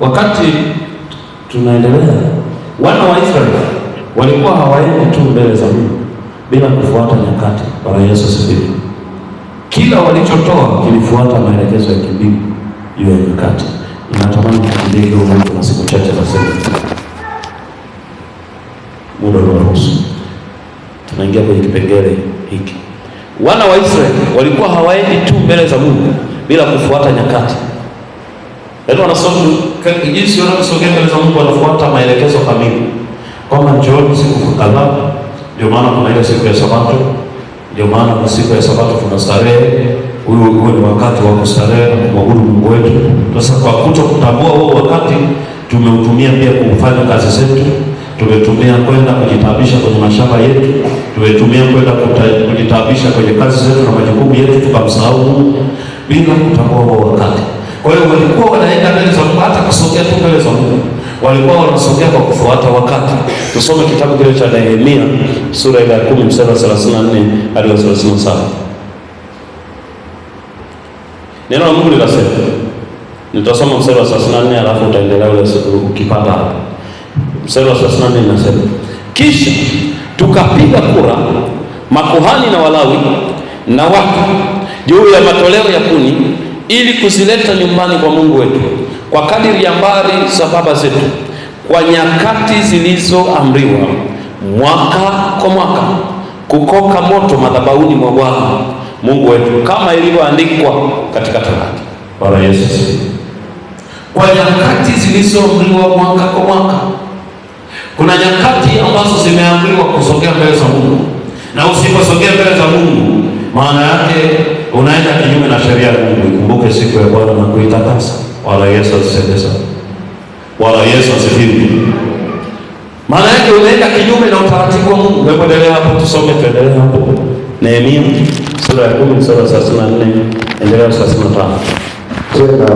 Wakati tunaendelea, wana wa Israeli walikuwa hawaendi tu mbele za Mungu bila kufuata nyakati. Bwana Yesu asifiwe. Kila walichotoa kilifuata maelekezo ya kimbingu juu ya nyakati. Ninatamani kukimbia hiyo na siku chache za sasa, muda unaruhusu, tunaingia kwenye kipengele hiki. Wana wa Israeli walikuwa hawaendi tu mbele za Mungu bila kufuata nyakati Yaani wanasonga jinsi wanavyosogea mbele za Mungu wanafuata maelekezo kamili. Kwamba njooni siku kadhaa, ndio maana kuna ile siku ya Sabato, ndio maana kwa siku ya Sabato kuna starehe. Huyu huo ni wakati wa kustarehe na kumwabudu Mungu wetu. Sasa kwa kuto kutambua huo wakati tumeutumia pia kufanya kazi zetu, tumetumia kwenda kujitabisha kwenye mashamba yetu, tumetumia kwenda kujitabisha kwenye kazi zetu na majukumu yetu, tukamsahau bila kutambua huo wakati. Kwa hiyo walikuwa wanaenda mbele za Mungu, hata kusogea tu mbele za Mungu, walikuwa wanasogea kwa kufuata wakati. Tusome kitabu kile cha Nehemia sura ya 10 mstari wa 34 hadi 37. Neno la Mungu linasema, nitasoma mstari wa 34 alafu utaendelea ule ukipata hapo. Mstari wa 34 linasema, kisha tukapiga kura makuhani na Walawi na watu juu ya matoleo ya kuni ili kuzileta nyumbani kwa Mungu wetu kwa kadiri ya mbari za baba zetu kwa nyakati zilizoamriwa, mwaka kwa mwaka, kukoka moto madhabahuni mwa Bwana Mungu wetu kama ilivyoandikwa katika Torati. Bwana Yesu, kwa nyakati zilizoamriwa mwaka kwa mwaka. Kuna nyakati ambazo zimeamriwa kusogea mbele za Mungu, na usiposogea mbele za Mungu maana yake unaenda kinyume na sheria ya Mungu, ikumbuke siku ya Bwana na kuitakasa. Wala Yesu asifiwe sana, wala Yesu asifiwe. Maana yake unaenda kinyume na utaratibu wa Mungu. Hebu endelea hapo, tusome, tuendelee hapo. Nehemia sura ya 10 sura ya 34 endelea 35. Tena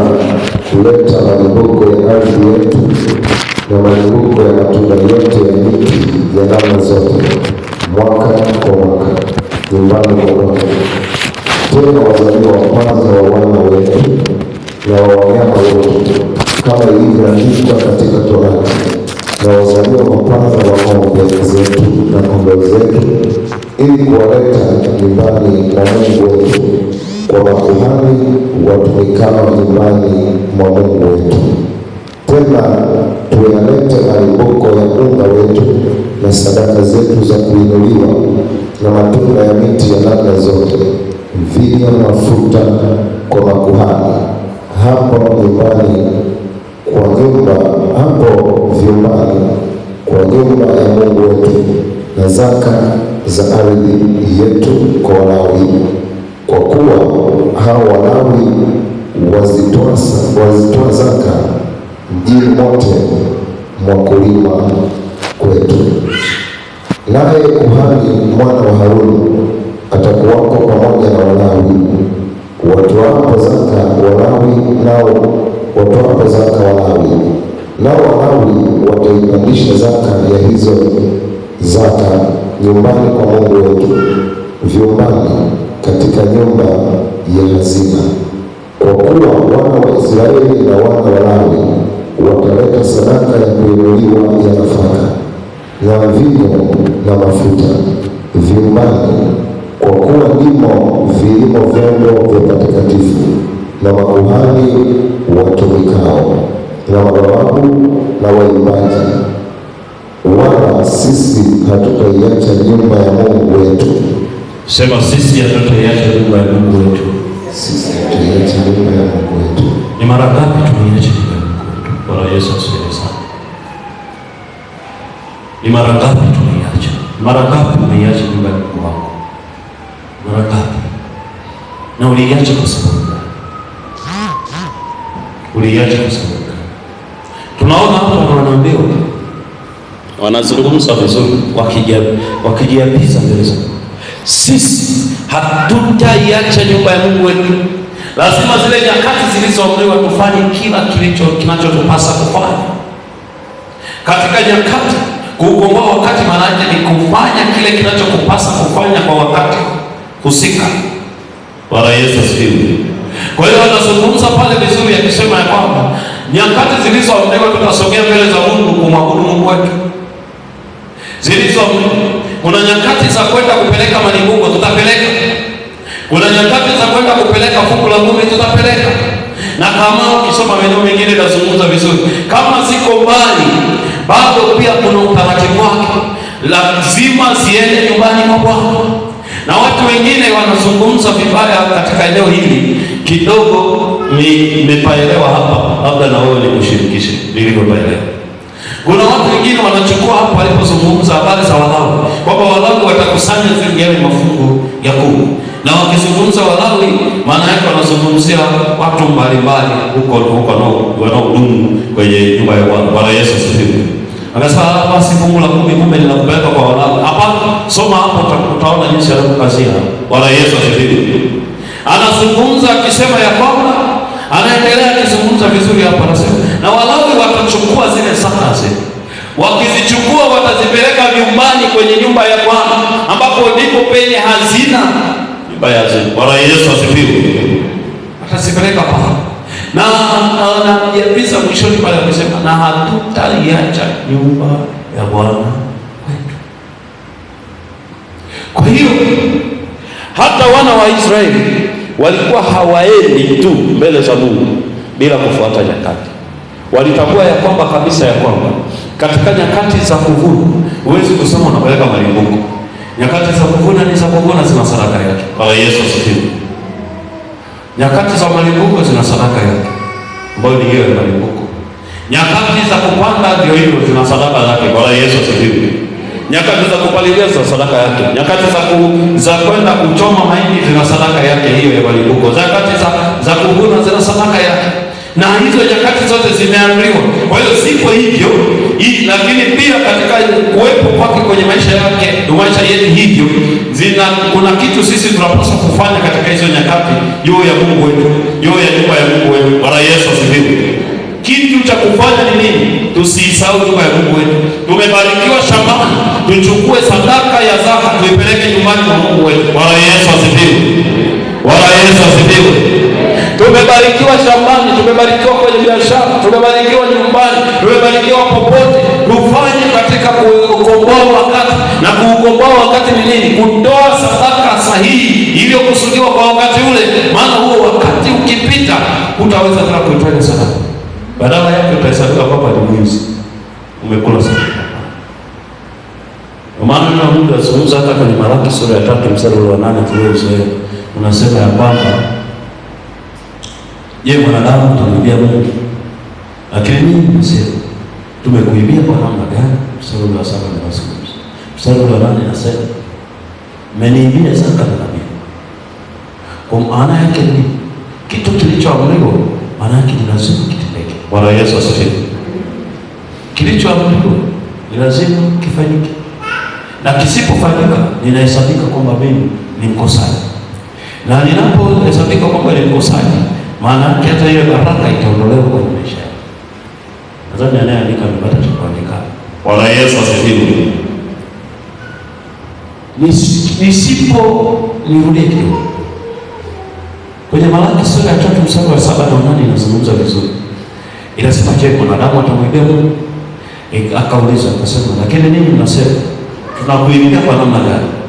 kuleta malimbuko ya ardhi yetu na malimbuko ya matunda yote ya miti ya namna zote, mwaka kwa mwaka, nyumbani kwa mwaka tena wazaliwa wa kwanza wa wana wetu na wa wanyama wetu kama ilivyoandikwa katika Torati, na wazaliwa wa kwanza wa ng'ombe zetu na kondoo zetu, ili kuwaleta nyumbani mwa Mungu wetu kwa makuhani watumikao nyumbani mwa Mungu wetu. Tena tuyalete maliboko ya unga wetu na sadaka zetu za kuinuliwa na matunda ya miti ya namna zote via mafuta kwa makuhani hapo nyumbani kwa nyumba hapo vyumbani kwa nyumba ya Mungu wetu, na zaka za ardhi yetu kwa Walawi, kwa kuwa hao Walawi wazitoa wazitoa zaka mjini mote mwa kulima kwetu. Naye kuhani mwana wa Haruni atakuwako pamoja na Walawi watoapo zaka Walawi nao watoapo zaka Walawi nao Walawi wataipandisha zaka ya hizo zaka nyumbani kwa Mungu wetu vyumbani katika nyumba ya hazina, kwa kuwa wana wa Israeli na wana walawi wataleta sadaka ya kuinuliwa ya nafaka na vino na mafuta vyumbani na vimo vilimo vyombo vya patakatifu na makuhani watumikao na mabawabu na waimbaji, wala sisi hatutaiacha nyumba ya Mungu wetu. Sema, sisi hatutaiacha nyumba ya Mungu wetu. Sisi hatutaiacha nyumba ya Mungu wetu. Ni mara ngapi tumeiacha nyumba ya Mungu wetu? Bwana Yesu asifiwe sana. Ni mara ngapi tumeiacha? Mara ngapi umeiacha nyumba ya Mungu wako? na uliacha kusababuka, uliacha kusababuka. Tunaona hapa wanaambiwa, wanazungumza vizuri, wakijiapiza mbele za sisi hatutaiacha nyumba ya Mungu wetu. Lazima zile nyakati zilizoamriwa tufanye kila kilicho kinachotupasa kufanya katika nyakati. Kuukomboa wakati maana yake ni kufanya kile kinachokupasa kufanya kwa wakati husika. Bwana Yesu asifiwe. Kwa hiyo anazungumza pale vizuri akisema ya kwamba nyakati zilizoamriwa tutasogea mbele za Mungu kumwabudu Mungu wetu zilizo Kuna nyakati za kwenda kupeleka malimbuko, tutapeleka. Kuna nyakati za kwenda kupeleka fuku la kumi, tutapeleka. Na kama ukisoma maeneo mengine inazungumza vizuri, kama ziko mbali bado pia kuna utaratibu wake, lazima ziende nyumbani kwa Bwana na watu wengine wanazungumza vibaya katika eneo hili kidogo. Nimepaelewa hapa, labda na wewe nikushirikishe nilivyopaelewa. Kuna watu wengine wanachukua hapa walipozungumza habari za Walawi kwamba Walawi watakusanya yale mafungu ya kumi, na wakizungumza Walawi maana yake wanazungumzia watu mbalimbali huko huko wanaohudumu kwenye nyumba ya Bwana. Bwana Yesu asifiwe hapa si fungu la kumi kumbe linakupeleka kwa Walawi. Hapa soma hapo utaona jinsi anavyokazia. Bwana Yesu asifiwe. Anazungumza akisema ya kwamba anaendelea akizungumza vizuri hapa anasema na walau watachukua zile zaka wakizichukua watazipeleka nyumbani kwenye nyumba ya Bwana ambapo ndipo penye hazina nyumba ya hazina. Bwana Yesu asifiwe. Atazipeleka pale na anajiapisa mwishoni pale amesema, na hatutaliacha nyumba ya Bwana wetu. Kwa hiyo hata wana wa Israeli walikuwa hawaendi tu mbele za Mungu bila kufuata nyakati. Walitambua ya kwamba kabisa ya kwamba katika nyakati za kuvuna huwezi kusema unapeleka malimbuko. Nyakati za kuvuna ni za kuvuna, zina sadaka yake. Bwana Yesu asifiwe. Nyakati za malimbuko zina sadaka yake ambayo ni hiyo ya malimbuko. Nyakati za kupanda ndio hivyo zina sadaka yake. Bwana Yesu asifiwe. Nyakati za kupalilia zina sadaka yake. Nyakati za ku, za kwenda kuchoma mahindi zina sadaka yake hiyo ya malimbuko. Nyakati za za kuvuna zina sadaka yake. Na hizo nyakati zote zimeamriwa. Kwa hiyo sipo hivyo hii, lakini pia katika kuwepo kwake kwenye maisha yake, maisha yetu hivyo Nina, kuna kitu sisi tunapaswa kufanya katika hizo nyakati juu ya Mungu wetu, juu ya nyumba ya Mungu wetu. Bwana Yesu asifiwe. Kitu cha kufanya ni nini? Tusisahau nyumba ya Mungu wetu. Tumebarikiwa shambani, tuchukue sadaka ya zaka tuipeleke nyumbani kwa Mungu wetu. Bwana Yesu asifiwe. Bwana Yesu asifiwe. Tumebarikiwa shambani, tumebarikiwa kwenye biashara, tumebarikiwa nyumbani, tumebarikiwa popote. Tufanye katika kuukomboa wakati, na kuukomboa wakati ni nini? sahihi iliyokusudiwa kwa wakati ule, maana huo wakati ukipita utaweza tena kuitaja sana, badala yake utahesabiwa kwamba ni mwizi, umekula sana. Kwa maana na Mungu azungumza hata kwenye Malaki sura ya 3 mstari wa 8 tuweze unasema ya kwamba je, mwanadamu utamwibia Mungu? Lakini mimi nasema tumekuibia kwa namna gani? Mstari wa saba na mstari wa nane nasema menimbia zaka na Kwa maana yake ni kitu kilichoamriwa, maana yake ni lazima kitendeke. Bwana Yesu asifiwe. Kilichoamriwa ni lazima kifanyike, na kisipofanyika ninahesabika kwamba mimi ni mkosaji, na ninapohesabika kwamba ni mkosaji, maana yake hata hiyo baraka itaondolewa kwenye maisha yake. Nadhani anayeandika amepata cha kuandika. Bwana Yesu asifiwe nisipo nirudie kwenye Malaki sura ya tatu mstari wa saba na nane inazungumza vizuri, inasema je, mwanadamu atamwibia Mungu? E, akauliza akasema, lakini nini mnasema tunakuimbia kwa namna gani?